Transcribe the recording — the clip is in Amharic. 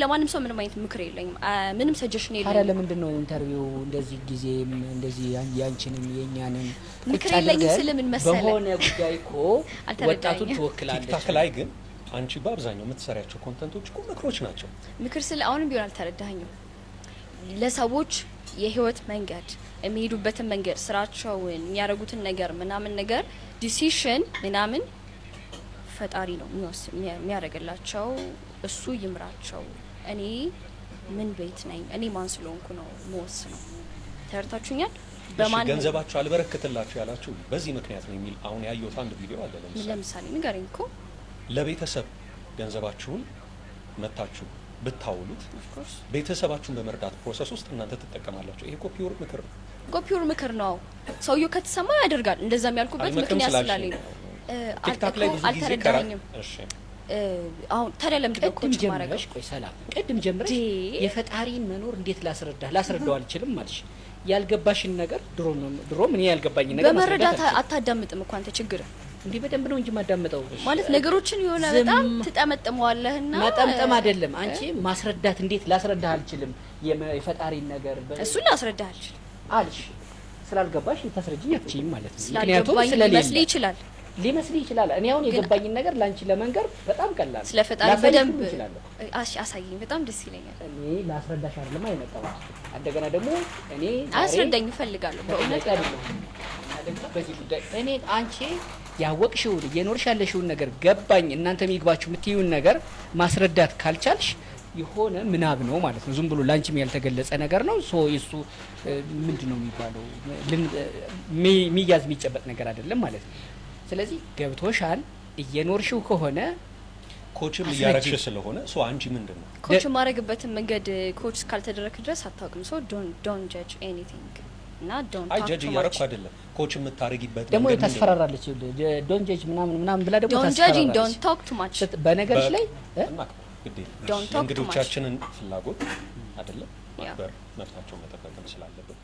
ለማንም ሰው ምንም አይነት ምክር የለኝም፣ ምንም ሰጀሽን የለኝም። ታዲያ ለምንድን ነው ኢንተርቪው እንደዚህ ጊዜም እንደዚህ ያንቺንም የእኛንም ምክር የለኝም ስል ምን መሰለህ፣ በሆነ ጉዳይ እኮ ወጣቱን ትወክላለች። ቲክታክ ላይ ግን አንቺ በአብዛኛው የምትሰሪያቸው ኮንተንቶች እኮ ምክሮች ናቸው። ምክር ስል አሁንም ቢሆን አልተረዳኝም። ለሰዎች የህይወት መንገድ የሚሄዱበትን መንገድ፣ ስራቸውን፣ የሚያደርጉትን ነገር ምናምን ነገር ዲሲሽን ምናምን ፈጣሪ ነው የሚያደርግላቸው። እሱ ይምራቸው። እኔ ምን ቤት ነኝ? እኔ ማን ስለሆንኩ ነው መወስ ነው። ተረድታችሁኛል? በማን ገንዘባቸው አልበረክትላቸው ያላችሁ በዚህ ምክንያት ነው የሚል አሁን ያየሁት አንድ ቪዲዮ አለ። ለምሳሌ ንገረኝ እኮ ለቤተሰብ ገንዘባችሁን መታችሁ ብታውሉት ቤተሰባችሁን በመርዳት ፕሮሰስ ውስጥ እናንተ ትጠቀማላችሁ። ይሄ ኮፒውር ምክር ነው፣ ኮፒውር ምክር ነው። ሰውየው ከተሰማ ያደርጋል። እንደዛም ያልኩበት ምክንያት ስላለኝ ነው። ቲክታክ ላይ ብዙ ጊዜ አልተረዳኝም። እሺ አሁን ታዲያ ለምንድን ነው ኮች ቆይ ሰላም፣ ቅድም ጀምረሽ የፈጣሪን መኖር እንዴት ላስረዳ ላስረዳው አልችልም አልሽ። ያልገባሽን ነገር ድሮ ድሮ ምን ያልገባኝ ነገር በመረዳት አታዳምጥም እኮ አንተ ችግር እንዲህ በደንብ ነው እንጂ ማዳምጠው ማለት ነገሮችን የሆነ በጣም ትጠመጥመዋለህና ማጠምጠም አይደለም አንቺ ማስረዳት እንዴት ላስረዳህ አልችልም። የፈጣሪን ነገር እሱን ላስረዳህ አልችልም አልሽ። ስላልገባሽ ልታስረጂኝ አትችይም ማለት ነው። ምክንያቱም ስለሌለ ይችላል ሊመስልህ ይችላል። እኔ አሁን የገባኝን ነገር ለአንቺ ለመንገር በጣም ቀላል ስለ ፈጣሪ በደንብ አሳየኝ፣ በጣም ደስ ይለኛል። እኔ ላስረዳሽ አይደለም አይመጣው እንደገና ደግሞ እኔ አስረዳኝ እፈልጋለሁ በእውነት አይደለም በዚህ ጉዳይ እኔ አንቺ ያወቅሽውን እየኖርሽ ያለሽውን ነገር ገባኝ፣ እናንተ የሚግባችሁ የምትይውን ነገር ማስረዳት ካልቻልሽ የሆነ ምናብ ነው ማለት ነው። ዝም ብሎ ላንቺም ያልተገለጸ ነገር ነው። ሶ እሱ ምንድን ነው የሚባለው የሚያዝ የሚጨበጥ ነገር አይደለም ማለት ነው። ስለዚህ ገብቶሻል እየኖርሽው ከሆነ ኮችም እያረግሽ ስለሆነ ሶ አንቺ ምንድን ነው ኮች የማድረግበትን መንገድ ኮች እስካልተደረክ ድረስ አታውቅም። ሶ ዶን ጃጅ ኤኒቲንግ እና ዶን አይ ጃጅ እያረግኩ አይደለም። ኮች የምታረጊበት ደግሞ ታስፈራራለች። ዶን ጃጅ ምናምን ምናምን ብላ ደግሞ ታስፈራራለች። ዶን ቶክ ቱ ማች በነገሮች ላይ እንግዶቻችንን ፍላጎት አይደለም ማክበር መብታቸውን መጠበቅም ስላለብን